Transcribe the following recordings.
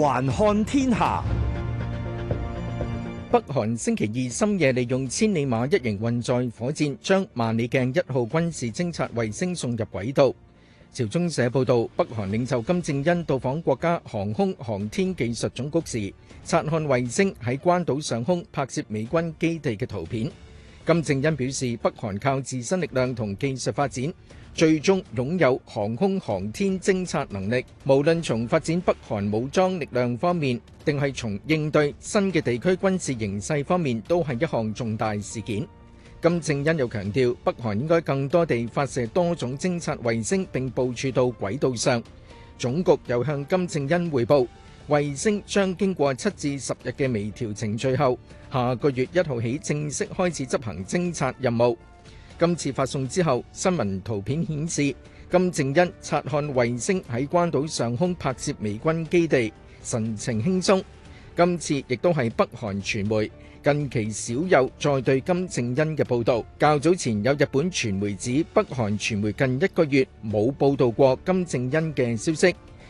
環看天下，北韓星期二深夜利用千里馬一型運載火箭，將萬里鏡一號軍事偵察衛星送入軌道。朝中社報道，北韓領袖金正恩到訪國家航空航天技術總局時，察看衛星喺關島上空拍攝美軍基地嘅圖片。金正恩表示，北韓靠自身力量同技術發展，最終擁有航空航天偵察能力。無論從發展北韓武裝力量方面，定係從應對新嘅地區軍事形勢方面，都係一項重大事件。金正恩又強調，北韓應該更多地發射多種偵察衛星並部署到軌道上。總局又向金正恩彙報。衛星將經過七至十日嘅微調程序後，下個月一號起正式開始執行偵察任務。今次發送之後，新聞圖片顯示，金正恩察看衛星喺關島上空拍攝美軍基地，神情輕鬆。今次亦都係北韓傳媒近期少有再對金正恩嘅報道。較早前有日本傳媒指，北韓傳媒近一個月冇報道過金正恩嘅消息。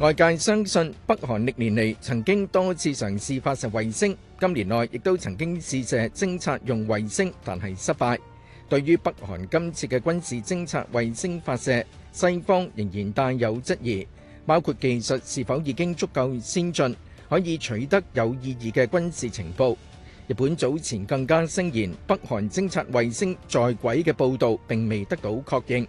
外界相信北韓歷年嚟曾經多次嘗試發射衛星，今年內亦都曾經試射偵察用衛星，但係失敗。對於北韓今次嘅軍事偵察衛星發射，西方仍然大有質疑，包括技術是否已經足夠先進，可以取得有意義嘅軍事情報。日本早前更加聲言北韓偵察衛星在軌嘅報導並未得到確認。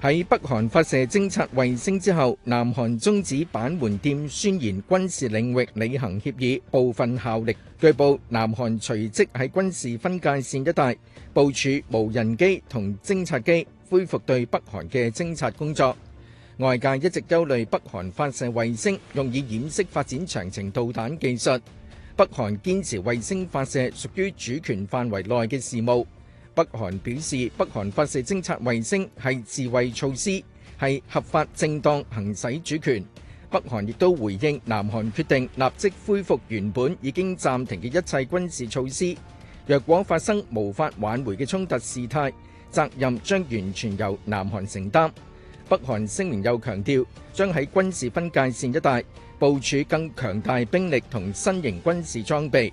喺北韓發射偵察衛星之後，南韓終止板門店宣言軍事領域履行協議部分效力，據報南韓隨即喺軍事分界線一帶部署無人機同偵察機，恢復對北韓嘅偵察工作。外界一直憂慮北韓發射衛星用以掩飾發展長程導彈技術。北韓堅持衛星發射屬於主權範圍內嘅事務。北韓表示，北韓發射偵察衛星係自衛措施，係合法正當行使主權。北韓亦都回應南韓決定立即恢復原本已經暫停嘅一切軍事措施。若果發生無法挽回嘅衝突事態，責任將完全由南韓承擔。北韓聲明又強調，將喺軍事分界線一帶部署更強大兵力同新型軍事裝備。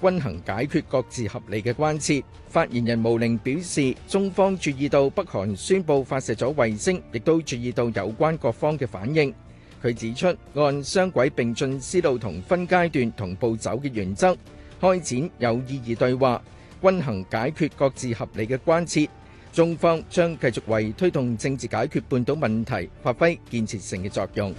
均衡解決各自合理嘅關切。發言人毛寧表示，中方注意到北韓宣布發射咗衛星，亦都注意到有關各方嘅反應。佢指出，按雙軌並進思路同分階段同步走嘅原則，開展有意義對話，均衡解決各自合理嘅關切。中方將繼續為推動政治解決半島問題發揮建設性嘅作用。